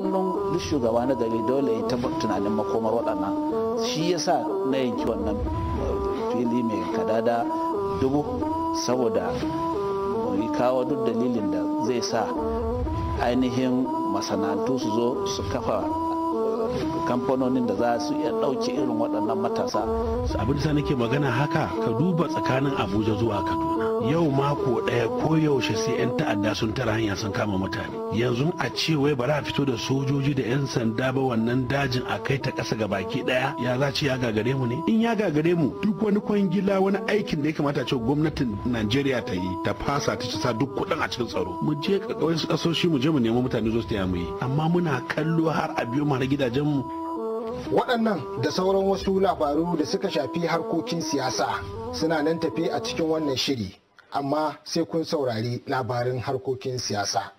kullum duk shugaba na gari dole ya ta tunanin makomar waɗannan shi ya sa na yanki wannan eh, fili mai kadada dubu saboda mai kawo duk dalilin da zai sa ainihin masana'antu su zo su kafa eh, kamfanonin da za su iya ɗauke irin waɗannan matasa. abin da nake magana haka ka duba tsakanin abuja zuwa kaduna yau mako ɗaya ko yaushe sai 'yan ta'adda sun tara hanya sun kama mutane yanzu a ce wai bari a fito da sojoji da 'yan sanda ba wannan dajin a kai ta ƙasa ga baki ɗaya ya za ce ya gagare mu ne in ya gagare mu duk wani kwangila wani aikin da ya kamata ce gwamnatin najeriya ta yi ta fasa ta ci sa duk kuɗin a cikin tsaro mu je ƙaƙawai su ƙasoshi mu je mu nemi mutane zo su taya mu yi amma muna kallo har a biyo mana gidajen mu waɗannan da sauran wasu labaru da suka shafi harkokin siyasa suna nan tafi a cikin wannan shiri. amma sai kun saurari labarin harkokin siyasa.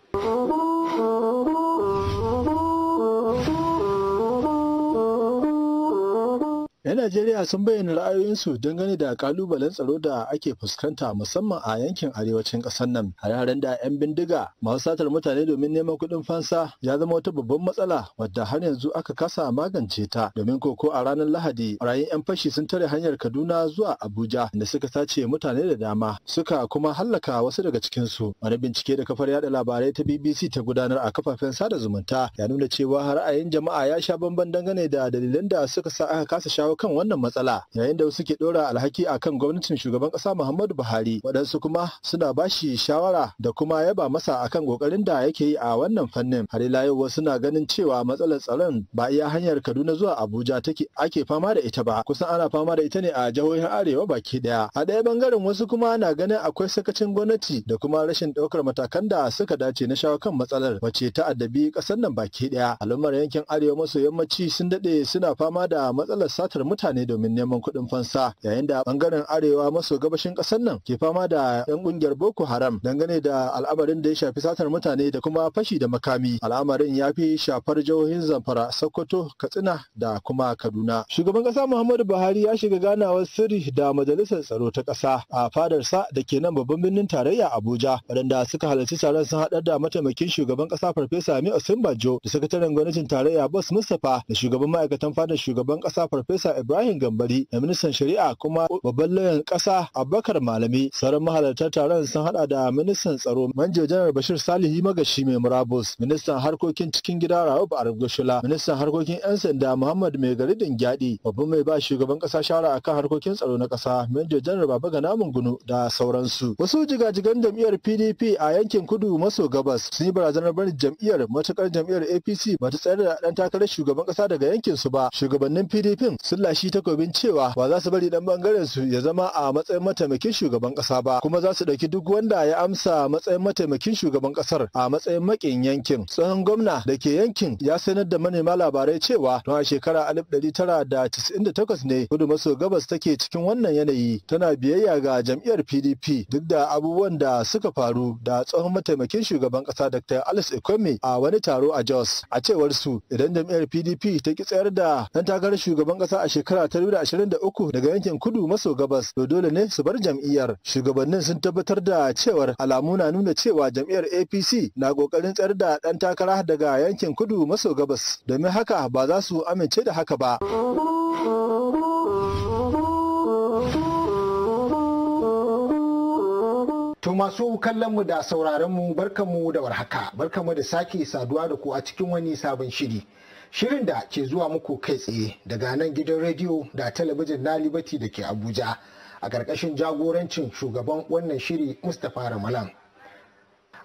'Yan Najeriya sun bayyana ra'ayoyinsu dangane da kalubalen tsaro da ake fuskanta musamman a yankin arewacin ƙasar nan. yaren da 'yan bindiga masu satar mutane domin neman kuɗin fansa ya zama wata babban matsala wadda har yanzu aka kasa magance ta. Domin koko a ranar Lahadi, rayin 'yan fashi sun tare hanyar Kaduna zuwa Abuja da suka sace mutane da dama, suka kuma hallaka wasu daga cikinsu. Wani bincike da kafar yada labarai ta BBC ta gudanar a kafafen sada zumunta ya nuna cewa ra'ayin jama'a ya sha bamban dangane da dalilan da suka sa aka kasa shawo kan wannan matsala yayin da wasu ke ɗora alhaki akan gwamnatin shugaban ƙasa Muhammadu Buhari waɗansu kuma suna bashi shawara da kuma yaba masa akan kokarin da yake yi a wannan fannin har ila yau wasu na ganin cewa matsalar tsaron ba iya hanyar Kaduna zuwa Abuja take ake fama da ita ba kusan ana fama da ita ne a jihohin Arewa baki ɗaya a ɗaya bangaren wasu kuma na ganin akwai sakacin gwamnati da kuma rashin ɗaukar matakan da suka dace na shawo kan matsalar wacce ta addabi ƙasar nan baki ɗaya al'ummar yankin Arewa maso yammaci sun daɗe suna fama da matsalar satar mutane domin neman kuɗin fansa yayin da bangaren arewa maso gabashin ƙasar nan ke fama da 'yan ƙungiyar Boko Haram dangane da al'amarin da ya shafi satar mutane da kuma fashi da makami. Al'amarin ya fi shafar jihohin Zamfara, Sokoto, Katsina da kuma Kaduna. Shugaban ƙasa Muhammadu Buhari ya shiga ganawar sirri da majalisar tsaro ta ƙasa a fadarsa da ke nan babban birnin tarayya Abuja waɗanda suka halarci taron sun haɗar da mataimakin shugaban ƙasa Farfesa mi Osinbajo da sakataren gwamnatin tarayya Bas Mustapha da shugaban ma'aikatan fadar shugaban ƙasa Farfesa Ibrahim Gambari da ministan shari'a kuma babban lauyan ƙasa Abubakar Malami. Sauran mahalarta taron sun hada da ministan tsaro Manjo Janar Bashir Salihu Magashi mai murabus, ministan harkokin cikin gida Rauf Arugushula ministan harkokin 'yan sanda Muhammad Mai Garidin Gyadi, babban mai ba shugaban ƙasa shara akan harkokin tsaro na ƙasa Manjo Janar Baba Ganamun Gunu da sauransu. Wasu jigajigan jam'iyyar PDP a yankin kudu maso gabas sun yi barazanar barin jam'iyyar matukar jam'iyyar APC ba ta tsayar da ɗan takarar shugaban ƙasa daga yankin su ba. Shugabannin PDP sun sulla shi takobin cewa ba za su bari dan bangaren su ya zama a matsayin mataimakin shugaban kasa ba kuma za su dauki duk wanda ya amsa matsayin mataimakin shugaban kasar a matsayin makin yankin tsohon gwamna da ke yankin ya sanar da manema labarai cewa don a shekara 1998 ne kudu maso gabas take cikin wannan yanayi tana biyayya ga jam'iyyar pdp duk da abubuwan da suka faru da tsohon mataimakin shugaban kasa dr alice ekwemi a wani taro a jos a cewar su idan jam'iyyar pdp ta ki tsayar da dan takarar shugaban kasa a a shekara ta uku daga yankin kudu maso gabas to dole ne su bar jam'iyyar. Shugabannin sun tabbatar da cewar alamu na nuna cewa jam'iyyar APC na kokarin tsayar da ɗan takara daga yankin kudu maso gabas domin haka ba za su amince da haka ba. To masu kallon mu da sauraron mu barkamu da warhaka barkamu da sake saduwa da ku a cikin wani sabon shiri. Shirin da ke zuwa muku kai tsaye daga nan gidan rediyo da talabijin na Liberty da ke Abuja a ƙarƙashin jagorancin shugaban wannan shiri Mustapha Ramalan.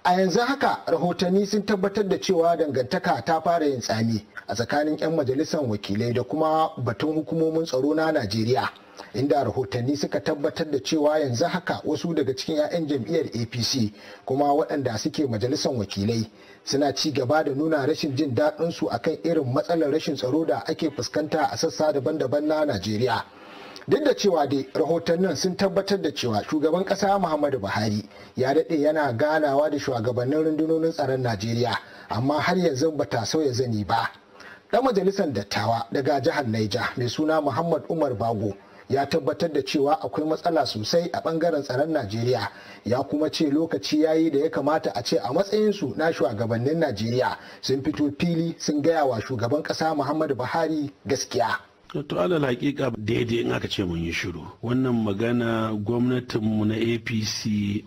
A yanzu haka rahotanni sun tabbatar da cewa dangantaka ta fara yin tsami a tsakanin 'yan majalisar wakilai da kuma batun hukumomin tsaro na Najeriya. inda rahotanni suka tabbatar da cewa yanzu haka wasu daga cikin 'ya'yan jam'iyyar apc kuma waɗanda suke majalisar wakilai suna ci gaba da nuna rashin jin daɗinsu akan irin matsalar rashin tsaro da ake fuskanta a sassa daban-daban na najeriya duk da cewa dai rahotannin sun tabbatar da cewa shugaban ƙasa muhammadu buhari ya daɗe yana ganawa da shugabannin rundunonin tsaron najeriya amma har yanzu bata sauya zani ba Ɗan majalisar dattawa daga jihar naija mai suna muhammad umar bago ya tabbatar da cewa akwai matsala sosai a bangaren tsaron najeriya ya kuma ce lokaci ya yi da ya kamata a ce a matsayinsu na shugabannin najeriya sun fito fili sun gaya wa shugaban ƙasa muhammadu buhari gaskiya to alal hakika daidai in aka ce mun yi shiru wannan magana gwamnatinmu na apc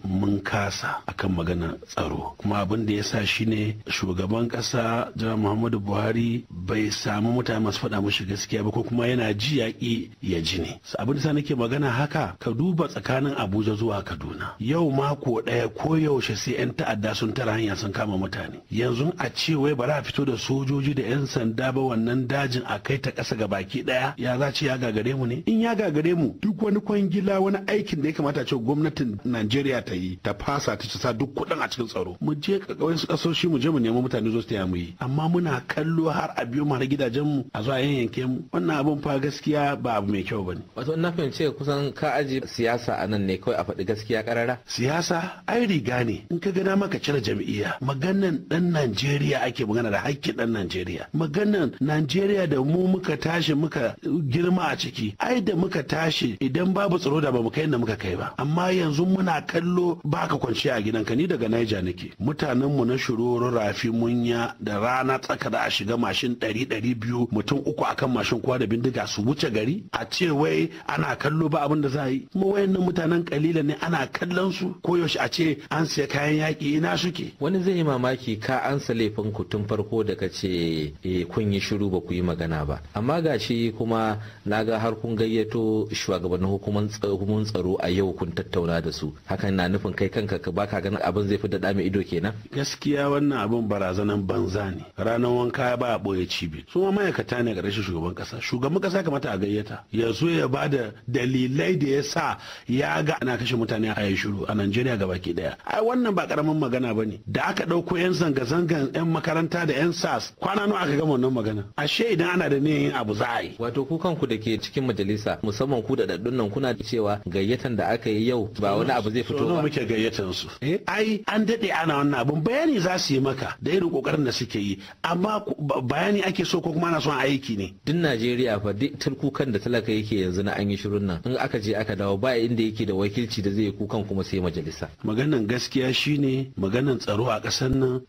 mun kasa akan magana tsaro kuma abin da ya sa shine shugaban kasa jira muhammadu buhari bai samu mutane masu faɗa mushi gaskiya ba ko kuma yana ji yaƙi ya ji ne abin da sa nake magana haka ka duba tsakanin abuja zuwa kaduna yau mako ɗaya ko yaushe sai 'yan ta'adda sun tara hanya sun kama mutane yanzu a ce wai bara a fito da sojoji da 'yan sanda ba wannan dajin a kai ta ƙasa ga baki ɗaya daya ya za ce ya gagare mu ne in ya gagare mu duk wani kwangila wani aikin da ya kamata ce gwamnatin Najeriya ta yi ta fasa ta sa duk kuɗin a cikin tsaro mu je kawai su kasoshi mu je mu nemi mutane zo su taya mu yi amma muna kallo har a biyo mu har gidajen mu a zuwa yanke mu wannan abun fa gaskiya ba abu mai kyau bane wato na fahimci kusan ka aji siyasa a nan ne kawai a faɗi gaskiya karara siyasa ai riga ne in ka gana maka cire jam'iyya maganan dan Najeriya ake magana da hakkin dan Najeriya maganan Najeriya da mu muka tashi muka ƙara girma a ciki ai da muka tashi idan babu tsaro da bamu kai da muka kai ba amma yanzu muna kallo baka kwanciya a gidanka ni daga Niger nake mutanen mu na shiroro rafi munya da rana tsaka da a shiga mashin ɗari ɗari biyu mutum uku akan mashin kowa da bindiga su wuce gari a ce wai ana kallo ba abin da za a yi kuma wayannan mutanen kalila ne ana kallon su koyaushe a ce an siya kayan yaki ina suke wani zai yi mamaki ka ansa laifin ku tun farko da ka ce eh, kun yi shiru ba ku yi magana ba amma gashi kuma na ga har kun gayyato shugabannin hukumar tsaro a yau kun tattauna da su hakan na nufin kai kanka ka baka ganin abin zai fi da ido kenan gaskiya wannan abin barazanan banza ne ranar wanka ba a boye cibi su ma ma'aikata ne ƙarshen shugaban kasa shugaban kasa kamata a gayyata ya zo ya ba da dalilai da ya sa ya ga ana kashe mutane a shiru a Najeriya gabaki daya ai wannan ba karamin magana ne. da aka ɗauko 'yan zanga-zangan 'yan makaranta da 'yan sas kwana nawa aka gama wannan magana ashe idan ana da niyyar abu za a yi wato ku kanku da ke cikin majalisa musamman ku da daddun nan kuna cewa gayyatan da aka yi yau ba wani abu zai fito ba muke gayyatan su eh? ai an dade ana wannan abun bayani za su yi maka da irin kokarin da suke yi amma bayani ake so ko kuma ana son aiki ne duk Najeriya fa duk tulkukan da talaka yake yanzu na an yi shirun nan in aka je aka dawo ba inda yake da wakilci da zai kukan kuma sai majalisa maganan gaskiya shine maganan tsaro a ƙasar nan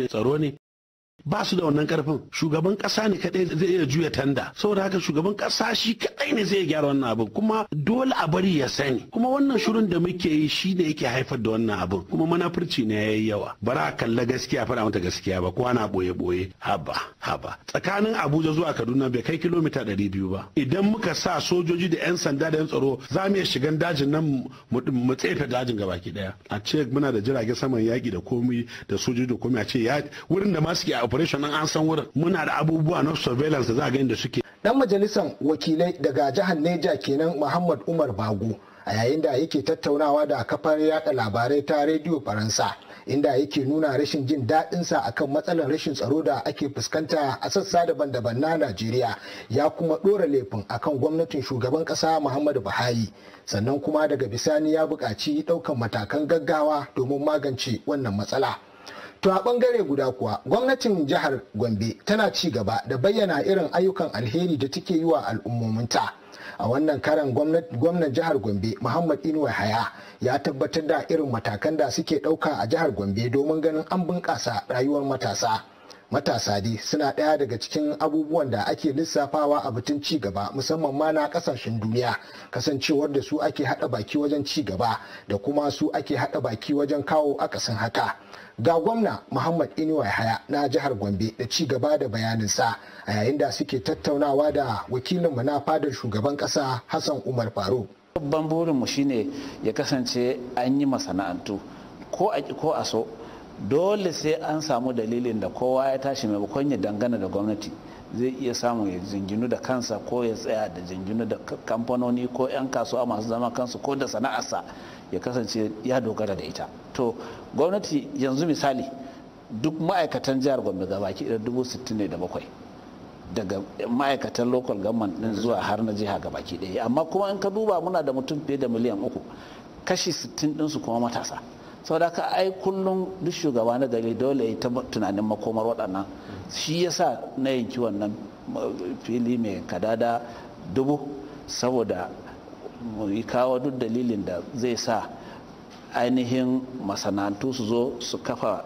tsaro ne ba su da wannan karfin shugaban kasa ne kadai zai iya juya tanda saboda haka shugaban kasa shi kadai ne zai gyara wannan abin kuma dole a bari ya sani kuma wannan shirin da muke yi shi ne yake haifar da wannan abin kuma manafurci ne yayi yawa bara kalla gaskiya fara mata gaskiya ba kowa na boye boye haba haba tsakanin Abuja zuwa Kaduna bai kai kilomita ɗari biyu ba idan muka sa sojoji da yan sanda da yan tsaro za mu iya shigan dajin nan mu tsefe dajin gabaki daya a ce muna da jiragen saman yaki da komi da sojoji da komi a ce wurin da ma suke operation nan an san wurin muna da abubuwa na surveillance da za a ga inda suke dan majalisar wakilai daga jihar Neja kenan Muhammad Umar Bago a yayin da yake tattaunawa da kafar yada labarai ta rediyo Faransa inda yake nuna rashin jin daɗinsa akan matsalar rashin tsaro da ake fuskanta a sassa daban-daban na Najeriya ya kuma ɗora laifin akan gwamnatin shugaban ƙasa Muhammadu Buhari sannan kuma daga bisani ya buƙaci ɗaukan matakan gaggawa domin magance wannan matsala. To a bangare guda kuwa gwamnatin jihar Gombe tana ci gaba da bayyana irin ayyukan alheri da take yi wa al'ummominta. A wannan karan gwamnan jihar Gombe Muhammad Inuwa Haya ya tabbatar da irin matakan da suke ɗauka a jihar Gombe domin ganin an bunƙasa rayuwar matasa. Matasa dai suna ɗaya daga cikin abubuwan da ake lissafawa a batun ci gaba musamman ma na ƙasashen duniya kasancewar da su ake haɗa baki wajen ci gaba da kuma su ake haɗa baki wajen kawo akasin haka. ga gwamna muhammad inuwa haya na jihar gombe da ci gaba da bayaninsa a yayin da suke tattaunawa da wakilinmu na fadar shugaban kasa hassan umar faruk babban burinmu shine ya kasance an yi masana'antu ko a ko a so dole sai an samu dalilin da kowa ya tashi maimakon ya dangana da gwamnati zai iya samun ya jinginu da kansa ko ya tsaya da jinginu da kamfanoni ko 'yan kasuwa masu zama kansu ko da sana'arsa ya kasance ya dogara da ita to gwamnati yanzu misali duk ma'aikatan jihar gombe gabaki idan dubu sittin ne da bakwai daga ma'aikatan local government din zuwa har na jiha baki ɗaya amma kuma in ka duba muna da mutum fiye da miliyan uku kashi sittin ɗinsu kuma matasa saboda ka ai kullum duk shugaba na gari dole ya ta tunanin makomar waɗannan shi yasa na yanki wannan eh, fili mai kadada dubu saboda mu yi kawo duk dalilin da zai sa ainihin masana'antu su zo su kafa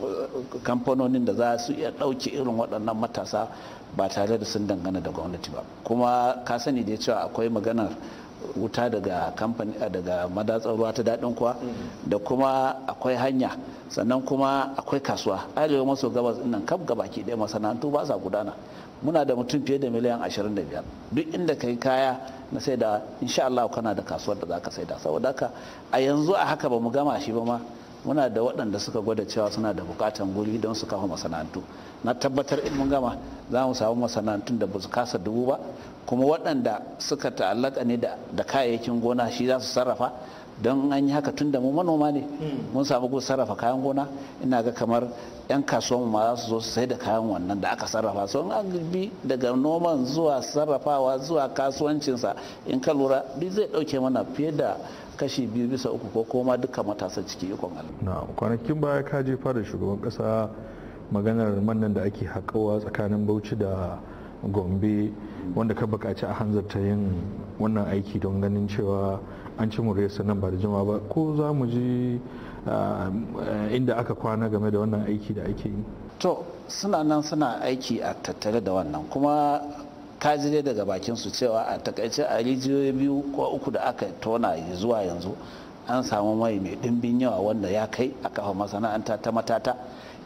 uh, kamfanonin da za su iya ɗauki irin waɗannan matasa ba tare da sun dangana da gwamnati ba kuma ka sani da cewa akwai maganar wuta daga kamfani daga madatsar ruwa ta daɗin kuwa da kuma akwai hanya sannan kuma akwai kasuwa arewa maso gabas nan kaf gabaki ɗaya masana'antu ba sa gudana muna da mutum fiye da miliyan 25 duk inda ka yi kaya na sai da insha Allah kana da kasuwar da za ka sai saboda haka a yanzu a haka ba mu gama shi ba ma muna da waɗanda suka gwada cewa suna da bukatan guri don su kafa masana'antu na tabbatar in mun gama za mu samu masana'antun da ba su kasa dubu ba kuma waɗanda suka ta'allaka ne da kayayyakin gona shi za su sarrafa don an yi haka tun da mu manoma ne hmm. mun samu gun sarrafa kayan gona ina ga kamar 'yan kasuwan ma za su zo su sai da kayan wannan da aka sarrafa so in an bi daga noman zuwa sarrafawa zuwa kasuwancinsa in ka lura duk zai ɗauke mana fiye da kashi biyu bisa uku ko koma duka matasa ciki ikon alamu. na kwanakin baya ka jefa da shugaban kasa maganar mannan da ake haƙawa tsakanin bauchi da gombe wanda ka bukaci a hanzarta yin wannan aiki don ganin cewa an ci muryarsa nan ba da jima ba ko za mu ji ah, eh, inda aka kwana game da wannan aiki da ake yi to suna nan suna aiki a tattare da wannan kuma ka ji dai daga bakin su cewa a takaice a rijiyoyi biyu ko uku da aka tona zuwa yanzu an samu mai mai dimbin yawa wanda ya kai a kafa masana'anta ta matata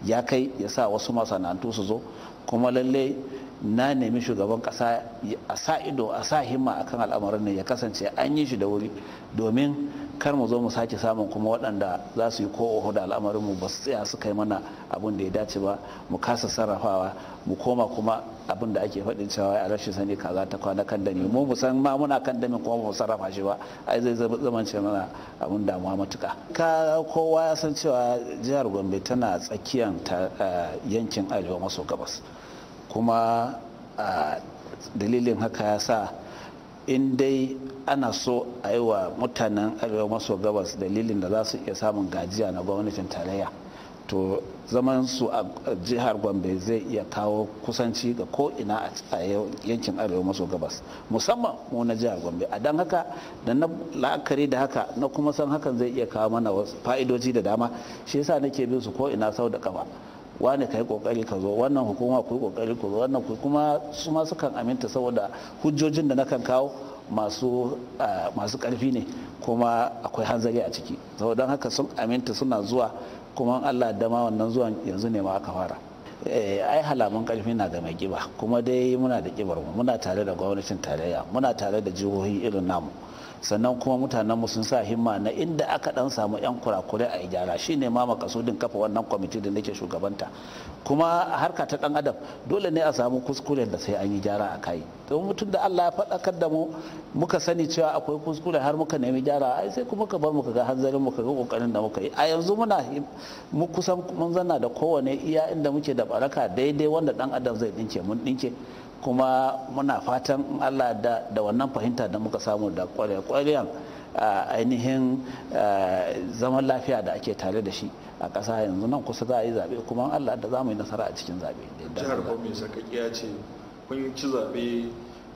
ya kai ya sa wasu masana'antu su zo kuma lalle na nemi shugaban kasa a sa ido a sa himma akan al'amarin ne ya kasance an yi shi da wuri domin kar mu zo mu sake samun kuma waɗanda za su yi ko oho da al'amarin ba su tsaya su kai mana abin da ya dace ba mu kasa sarrafawa mu koma kuma abin da ake faɗin cewa a rashin sani kaza ta kwana kan dami mu mu san ma muna kan damin kuma mu sarrafa shi ba ai zai zama ce mana abin damuwa matuka ka kowa ya san cewa jihar gombe tana tsakiyan yankin arewa maso gabas kuma dalilin haka ya sa in dai ana so a yi wa mutanen arewa maso gabas dalilin da za su iya samun gajiya na gwamnatin tarayya to zaman su a jihar gombe zai iya kawo kusanci ga ko ina a yankin arewa maso gabas musamman mu na jihar gombe a don haka da na la'akari da haka na kuma san hakan zai iya kawo mana fa'idoji da dama shi yasa nake bin su ko ina sau da kafa wani kai kokari ka zo wannan hukuma ku kokari ku zo wannan ku kuma su ma sukan aminta saboda hujjojin da nakan kawo masu masu karfi ne kuma akwai hanzari a ciki saboda haka sun aminta suna zuwa kuma Allah dama wannan zuwan yanzu ne ma aka fara Eh, ai halamun karfi na ga mai kiba kuma dai muna da kibar mu muna tare da gwamnatin tarayya muna tare da jihohi irin namu sannan kuma mutanen mu sun sa himma na inda aka dan samu yan kurakure a gyara shine ma makasudin kafa wannan kwamiti da nake shugabanta kuma harka ta dan adam dole ne a samu kuskuren da sai an yi gyara a kai to mutum da Allah ya faɗakar da mu muka sani cewa akwai kuskure har muka nemi gyara ai sai kuma ka bar muka ga hanzarin mu ga kokarin da muka yi a yanzu muna mu kusan mun zanna da kowane iya inda muke da tabaraka daidai wanda dan adam zai dinke mun dinke kuma muna fatan allah da da wannan fahimta da muka samu da kwarewa ainihin zaman lafiya da ake tare da shi a ƙasa yanzu nan kusa za a yi zaɓe kuma allah da za mu yi nasara a cikin zaɓe jihar bambi sakakkiya ce kun ci zaɓe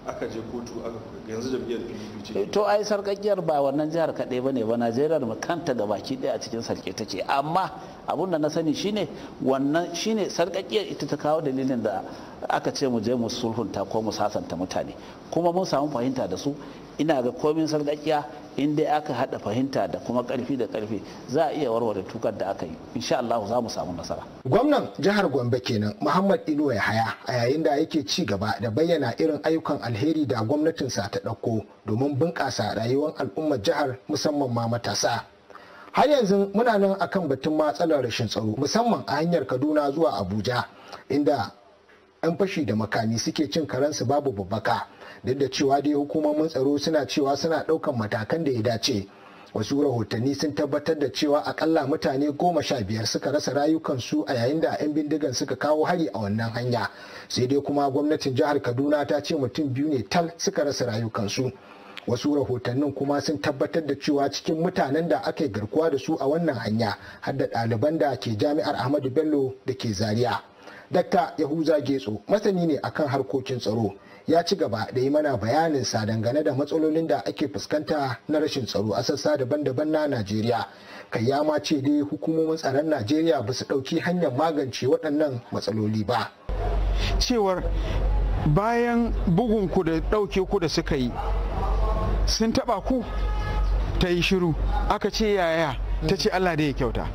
aka je kotu aka yanzu jam'iyyar pdp ce eh, to ai sarkakiyar ba wannan jihar kaɗai ba ne ba najeriya da kanta ga baki ɗaya a cikin sarki take amma abun da na sani shine wannan shine sarkakiyar ita ta kawo dalilin da aka ce mu je mu sulhunta ko mu sasanta mutane kuma mun samu fahimta da su ina ga komin sarkakiya in dai aka haɗa fahimta da kuma ƙarfi da ƙarfi za a iya warware tukar da aka yi insha Allah za mu samu nasara gwamnan jihar Gombe kenan Muhammad Ino ya haya a yayin da yake ci gaba da bayyana irin ayyukan alheri da gwamnatin sa ta ɗauko domin bunƙasa rayuwar al'ummar jihar musamman ma matasa har yanzu muna nan akan batun matsalar rashin tsaro musamman a hanyar kaduna zuwa abuja inda 'yan fashi da makami suke cin karensu babu babbaka duk da cewa dai hukumomin tsaro suna cewa suna ɗaukan matakan da ya dace wasu rahotanni sun tabbatar da cewa akalla mutane goma sha biyar suka rasa rayukansu a yayin da 'yan bindigan suka kawo hari a wannan hanya sai dai kuma gwamnatin jihar kaduna ta ce mutum biyu ne tal suka rasa rayukansu wasu rahotannin kuma sun tabbatar da cewa cikin mutanen da aka garkuwa da su a wannan hanya har da ɗaliban da ke jami'ar ahmadu bello da ke zaria dakta yahuza getso masani ne akan harkokin tsaro ya ci gaba da yi mana bayanin sa dangane da matsalolin da ake fuskanta na rashin tsaro a sassa daban-daban na Najeriya. Kai ya ma ce dai hukumomin tsaron Najeriya ba su ɗauki hanyar magance waɗannan matsaloli ba. Cewar bayan bugun ku da ɗauke ku da suka yi sun taɓa ku ta yi shiru aka ce yaya ta ce Allah da ya kyauta.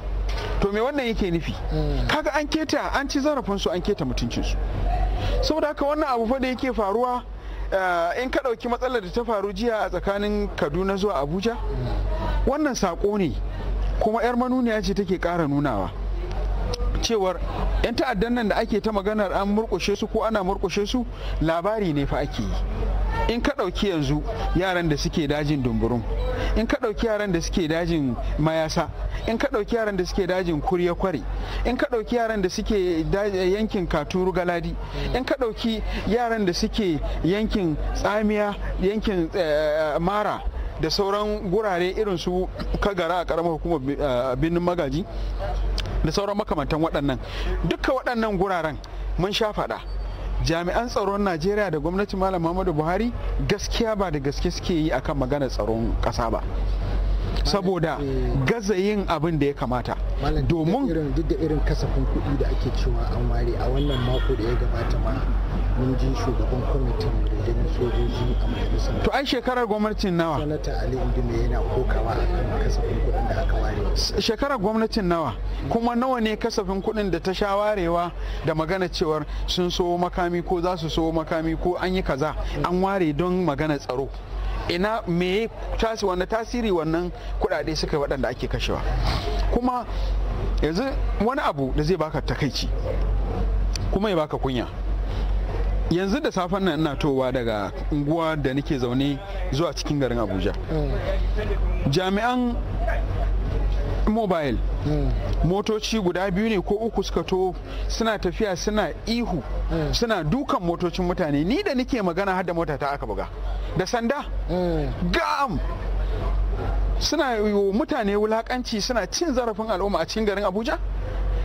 to me wannan yake nufi mm. kaga an keta an ci zarafinsu an keta mutuncinsu saboda haka wannan abu fa da yake faruwa eh, in ka ɗauki matsalar da ta faru jiya a tsakanin kaduna zuwa abuja wannan saƙo ne kuma 'yar manuniya ce take ƙara nunawa cewar 'yan ta'addan nan da ake ta maganar an murkushe su ko ana murkushe su labari ne fa ake yi in ka ɗauki yanzu yaran da suke dajin dumburum in ka ɗauki yaran da suke dajin mayasa in ka ɗauki yaran da suke dajin kurya kwari in ka ɗauki yaran da suke yankin katuru galadi in ka ɗauki yaran da suke yankin tsamiya yankin eh, mara da sauran gurare irin su kagara a karamar hukumar eh, birnin magaji da sauran makamantan waɗannan duka waɗannan guraren mun sha faɗa jami'an tsaron najeriya da gwamnati malam muhammadu buhari gaskiya ba da gaske suke yi akan magana tsaron ƙasa ba saboda gaza yin abin da ya kamata domin duk da irin kasafin kuɗi da ake cewa an ware a wannan mako da ya gabata ma mun ji shugaban kwamitin rundunar sojoji a majalisar to ai shekarar gwamnatin nawa sanata ali indume yana kokawa akan kasafin kuɗin da aka ware shekarar gwamnatin nawa kuma nawa ne kasafin kuɗin da ta sha warewa da magana cewar sun so makami ko za su so makami ko an yi kaza an ware don magana tsaro ina me tasi wanda tasiri wannan kuɗaɗe suka yi waɗanda ake kashewa kuma yanzu wani abu da zai baka takaici kuma ya baka kunya yanzu da safen nan ina towa daga unguwa da nake zaune zuwa cikin garin abuja mm. jami'an mobayil hmm. motoci guda biyu ne ko uku suka to suna tafiya suna ihu hmm. suna dukan motocin mutane ni da nike magana har da mota ta aka buga da sanda hmm. gam suna mutane wulakanci suna cin zarafin al'umma a cikin garin abuja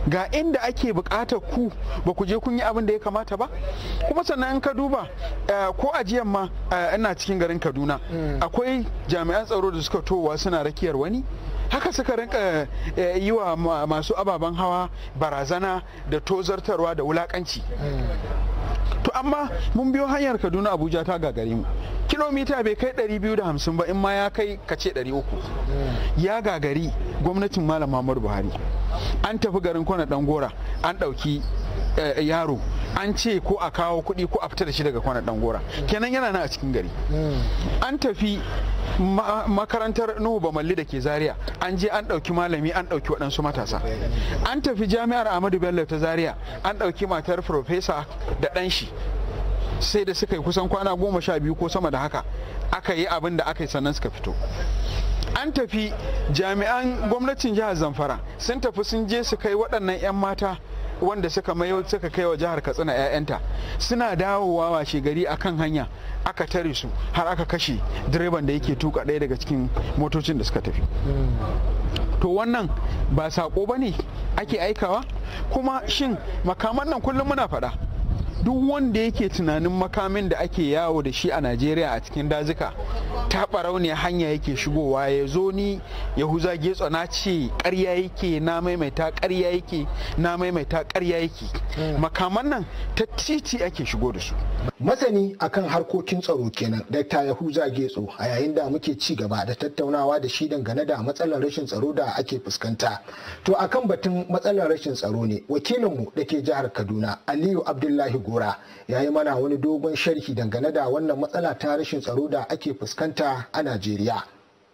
ga inda ake bukatar ku ba ku je kun yi abin da ya kamata ba kuma sannan in ka duba eh, ko ajiyar ma eh, ina cikin garin kaduna akwai jami'an tsaro da suka towa suna rakiyar wani haka suka rinka eh, yi wa masu ababen hawa barazana da tozartarwa da wulakanci to amma mun biyo hanyar kaduna abuja ta gagare mu kilomita bai kai 250 ba in ma ya kai kace 300 ya gagari gwamnatin malam muhammadu buhari an tafi garin kwana dangora an ɗauki eh, yaro an ce ko a kawo kuɗi ko a fita da shi daga kwanan dangora kenan yana nan a cikin gari an tafi makarantar nuhu bamalli da ke zaria an je an ɗauki malami an ɗauki waɗansu matasa an tafi jami'ar ahmadu bello ta zaria an ɗauki matar profesa da ɗan shi sai da suka yi kusan kwana goma sha biyu ko sama da haka aka yi abin da aka yi sannan suka fito an tafi jami'an gwamnatin jihar zamfara sun tafi sun je su kai waɗannan 'yan mata wanda suka mayo kai wa jihar katsina 'ya'yanta suna dawowa washe gari kan hanya aka tare su har aka kashe direban da yake tuka ɗaya daga cikin motocin da suka tafi to wannan ba saƙo ba ne ake aikawa kuma shin makaman nan kullum muna faɗa duk wanda yake tunanin makamin da ake yawo da shi a najeriya a cikin dazuka ta barauniya hanya yake shigowa ya zo ni huza getso na ce karya yake na maimaita karya yake na maimaita karya yake hmm. makaman nan ta titi ake shigo da su masani akan harkokin tsaro kenan dakta yahuza getso a yayin da muke ci gaba da tattaunawa da shi dangane da matsalar rashin tsaro da ake fuskanta to akan batun matsalar rashin tsaro ne wakilinmu da ke jihar kaduna aliyu abdullahi gora ya yi mana wani dogon sharhi dangane da wannan matsala ta rashin tsaro da ake fuskanta a najeriya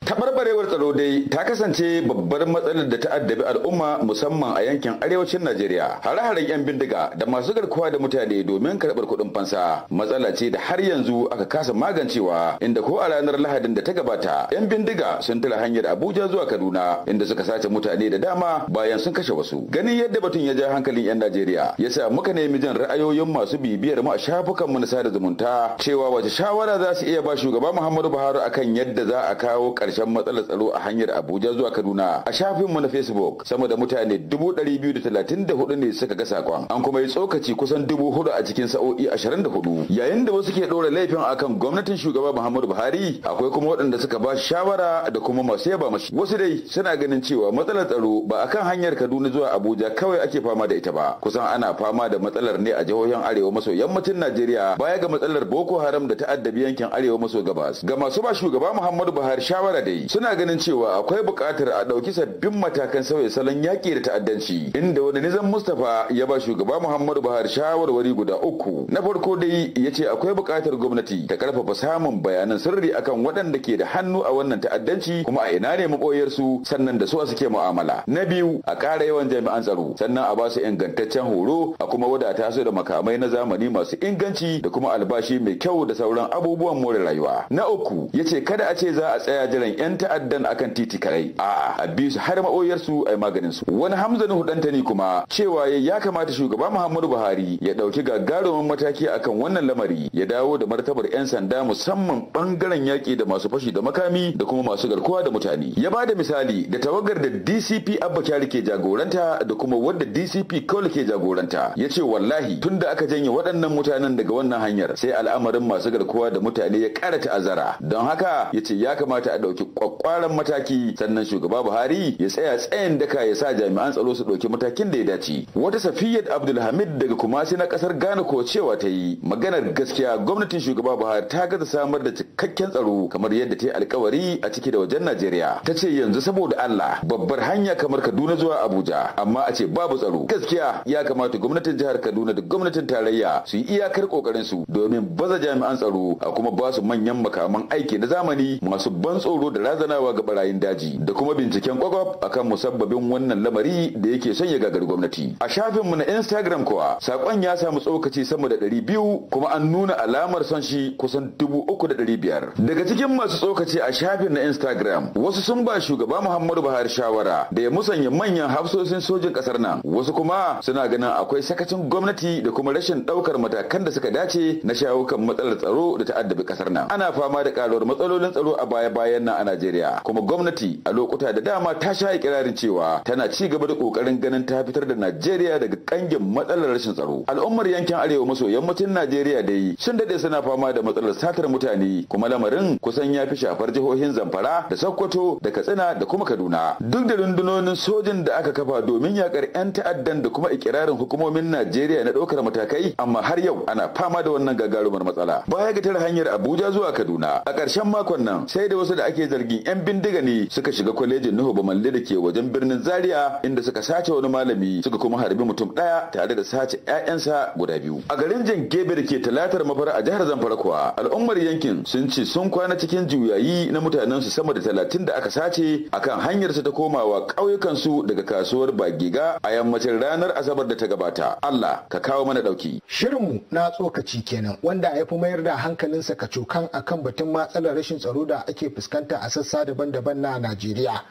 Taɓarɓarewar tsaro dai ta kasance babbar matsalar da ta addabi al'umma musamman a yankin arewacin Najeriya. Hare-haren 'yan bindiga da masu garkuwa da mutane domin karɓar kuɗin fansa matsala ce da har yanzu aka kasa magancewa inda ko a ranar Lahadin da ta gabata 'yan bindiga sun tura hanyar Abuja zuwa Kaduna inda suka sace mutane da dama bayan sun kashe wasu. Ganin yadda batun ya ja hankalin 'yan Najeriya ya sa muka nemi jan ra'ayoyin masu bibiyar mu a shafukan mu na sada zumunta cewa wace shawara za su iya ba shugaba Muhammadu Buhari akan yadda za a kawo ƙarshen karshen matsalar tsaro a hanyar Abuja zuwa Kaduna. A shafinmu na Facebook sama da mutane dubu ɗari biyu da talatin ne suka ga sakon. An kuma yi tsokaci kusan dubu hudu a cikin sa'o'i ashirin da hudu. Yayin da wasu ke ɗora laifin akan gwamnatin shugaba Muhammadu Buhari akwai kuma waɗanda suka ba shawara da kuma masu yaba mashi. Wasu dai suna ganin cewa matsalar tsaro ba akan hanyar Kaduna zuwa Abuja kawai ake fama da ita ba. Kusan ana fama da matsalar ne a jihohin Arewa maso yammacin Najeriya baya ga matsalar Boko Haram da ta'addabi yankin Arewa maso gabas. Ga masu ba shugaba Muhammadu Buhari shawara dai suna ganin cewa akwai buƙatar a ɗauki sabbin matakan sauya salon yaƙi da ta'addanci inda wani nizam mustapha ya ba shugaba muhammadu buhari shawarwari guda uku na farko dai ya ce akwai buƙatar gwamnati ta karfafa samun bayanan sirri akan waɗanda ke da hannu a wannan ta'addanci kuma a ina ne maɓoyarsu sannan da su a suke mu'amala na biyu a ƙara yawan jami'an tsaro sannan a ba su ingantaccen horo a kuma wadata su da makamai na zamani masu inganci da kuma albashi mai kyau da sauran abubuwan more rayuwa na uku ya ce kada a ce za a tsaya jiran kan yan ta'addan akan titi karai a'a a bi su har ma'oyar su ai maganin su wani Hamza Nuhu ne kuma cewa ya kamata shugaba Muhammadu Buhari ya dauki gagarumin mataki akan wannan lamari ya dawo da martabar yan sanda musamman bangaren yaki da masu fashi da makami da kuma masu garkuwa da mutane ya ba da misali da tawagar da DCP Abba Kyari ke jagoranta da kuma wadda DCP kawai ke jagoranta ya ce wallahi tun da aka janye waɗannan mutanen daga wannan hanyar sai al'amarin masu garkuwa da mutane ya ƙara ta'azara don haka ya ce ya kamata a ɗauki ɗauki mataki sannan shugaba Buhari ya tsaya tsayin daka ya sa jami'an tsaro su ɗauki matakin da ya dace. Wata Safiyat Abdulhamid daga Kumasi na ƙasar Ghana ko cewa ta yi maganar gaskiya gwamnatin shugaba Buhari ta gaza samar da cikakken tsaro kamar yadda ta yi alkawari a ciki da wajen Najeriya. Ta ce yanzu saboda Allah babbar hanya kamar Kaduna zuwa Abuja amma a ce babu tsaro. Gaskiya ya kamata gwamnatin jihar Kaduna da gwamnatin tarayya su yi iyakar kokarin su domin baza jami'an tsaro a kuma ba su manyan makaman aiki na zamani masu ban tsoro da razanawa ga barayin daji da kuma binciken kwakwaf akan musabbabin wannan lamari da yake sanya gagar gwamnati a shafin mu na instagram kuwa sakon ya samu tsokaci sama da ɗari biyu kuma an nuna alamar son shi kusan dubu uku da ɗari biyar daga cikin masu tsokaci a shafin na instagram wasu sun ba shugaba muhammadu buhari shawara da ya musanya manyan hafsoshin sojin ƙasar nan wasu kuma suna ganin akwai sakacin gwamnati da kuma rashin ɗaukar matakan da suka dace na shawo kan matsalar tsaro da ta addabi ƙasar nan ana fama da ƙaruwar matsalolin tsaro a baya-bayan nan a Najeriya kuma gwamnati a lokuta da dama ta sha ikirarin cewa tana ci gaba da kokarin ganin ta fitar da Najeriya daga kangin matsalar rashin tsaro al'ummar yankin arewa maso yammacin Najeriya dai sun dade suna fama da matsalar satar mutane kuma lamarin kusan ya fi shafar jihohin Zamfara da Sokoto da Katsina da kuma Kaduna duk da rundunonin sojin da aka kafa domin yakar 'yan ta'addan da kuma ikirarin hukumomin Najeriya na ɗaukar matakai amma har yau ana fama da wannan gagarumar matsala baya ga tare hanyar Abuja zuwa Kaduna a ƙarshen makon nan sai da wasu da ake ake zargin 'yan bindiga ne suka shiga kwalejin Nuhu Bamalle da ke wajen birnin Zaria inda suka sace wani malami suka kuma harbi mutum daya, tare da sace 'ya'yansa guda biyu. A garin Jangebe da ke talatar mafara a jihar Zamfara kuwa al'ummar yankin sun ce sun kwana cikin juyayi na mutanensu sama da talatin da aka sace akan hanyarsu ta komawa su daga kasuwar Bagiga a yammacin ranar Asabar da ta gabata. Allah ka kawo mana ɗauki. Shirinmu na tsokaci kenan wanda ya fi mayar da hankalinsa kacokan akan batun matsalar rashin tsaro da ake fuskanta ta a sassa daban-daban na Najeriya.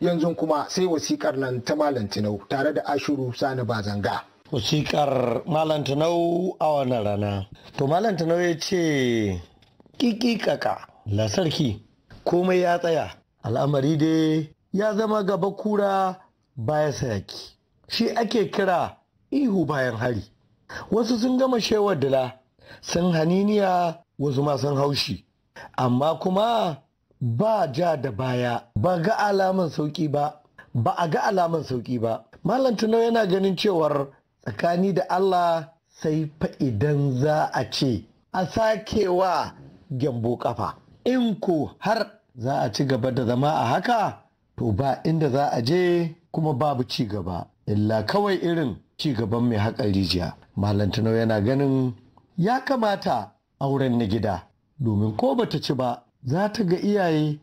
Yanzu kuma sai wasikar nan ta Malam Tinau tare da Ashuru Sani Bazanga. Wasikar Malam Tinau a wannan rana. To Malam Tinau ya ce kaka la sarki komai ya tsaya al'amari dai ya zama gaba kura baya sayaki. Shi ake kira ihu bayan hari. Wasu sun gama shewar dila sun haniniya wasu ma sun haushi. Amma kuma ba ja da baya ba ga alaman sauki ba ba a ga alaman sauki ba malam tuno yana ganin cewar tsakani da allah sai fa'idan za a ce a sakewa gyambo kafa in ko har za a ci gaba da zama a haka to ba inda za a je kuma babu ci gaba illa kawai irin ci gaban mai haƙa rijiya malam tuno yana ganin ya kamata auren na gida domin ko bata ci ba za ta ga iyaye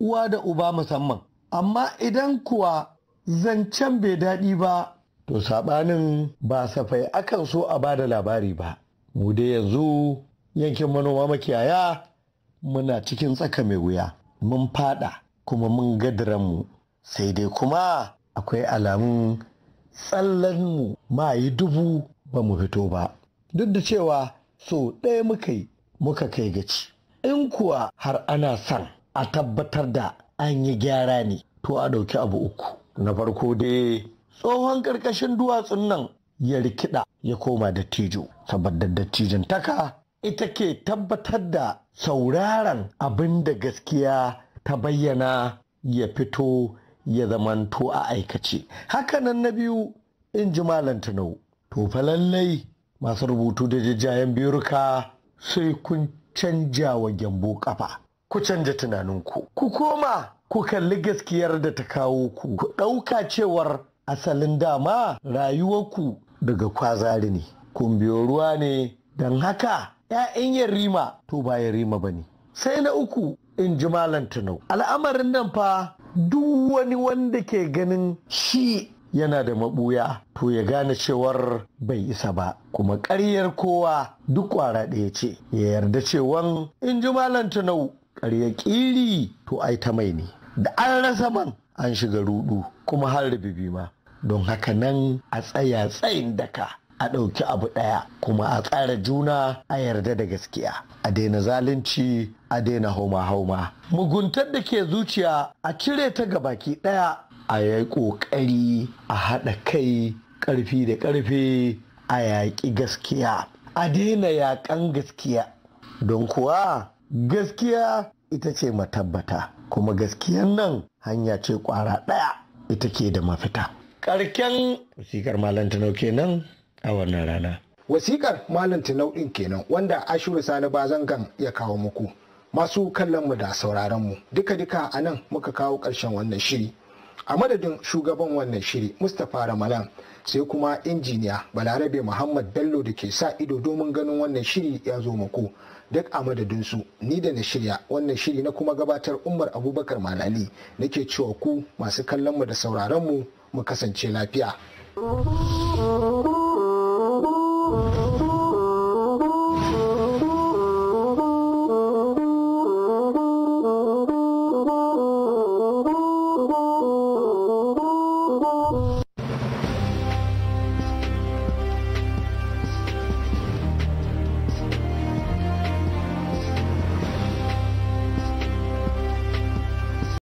uwa da uba musamman amma idan kuwa zancen bai daɗi ba to saɓanin ba safai akan so a ba da labari ba mu dai yanzu yankin manoma makiyaya muna cikin tsaka mai wuya mun faɗa, kuma mun mu sai dai kuma akwai alamun tsallan ma yi dubu ba mu fito ba duk da cewa so ɗaya muka yi muka kai gaci in kuwa har ana son a tabbatar da an yi gyara ne to a ɗauki abu uku na farko dai tsohon ƙarƙashin duwatsun nan ya rikida ya koma dattijo saboda tijin taka ita ke tabbatar da sauraron abin da gaskiya ta bayyana ya fito ya zamanto a aikace hakanan na biyu in ji malam to fa lallai masu rubutu da jajjayen biruka sai kun canja wa gyambo kafa ku canja tunaninku ku koma ku kalli gaskiyar da ta kawo ku ku ɗauka cewar asalin dama rayuwarku daga kwazari ne kun biyo ruwa ne don haka 'ya'yan yarima to ba yarima ba ne sai na uku in ji malam tunau al'amarin nan fa duk wani wanda ke ganin shi yana da mabuya to ya gane cewar bai isa ba kuma ƙaryar kowa duk ƙwara ɗaya ce ya yarda cewan in ji malam tunau ƙarya ƙiri to ai ta mai ne da an rasa man an shiga rudu kuma har rububi ma don haka nan a tsaya tsayin daka a ɗauki abu ɗaya kuma a tsara juna a yarda da gaskiya a daina zalunci a daina hauma-hauma muguntar da ke zuciya a cire ta ga baki ɗaya a yi ƙoƙari a haɗa kai ƙarfi da ƙarfe a yaƙi gaskiya a daina yaƙan gaskiya don kuwa gaskiya ita ce matabbata kuma gaskiyan nan hanya ce ƙwara ɗaya ita ke da mafita ƙarken wasikar malam kenan a wannan rana wasikar malam tanau ɗin kenan wanda ashiru sani ba bazangan ya kawo muku masu kallon mu da sauraron mu duka-duka a nan muka kawo ƙarshen wannan shiri a madadin shugaban wannan shiri mustapha ramalan sai kuma injiniya balarabe muhammad bello da ke sa ido domin ganin wannan shiri ya zo mako duk a madadinsu ni da na shirya wannan shiri na kuma gabatar umar abubakar malali nake cewa ku masu kallon mu da sauraron mu mu kasance lafiya.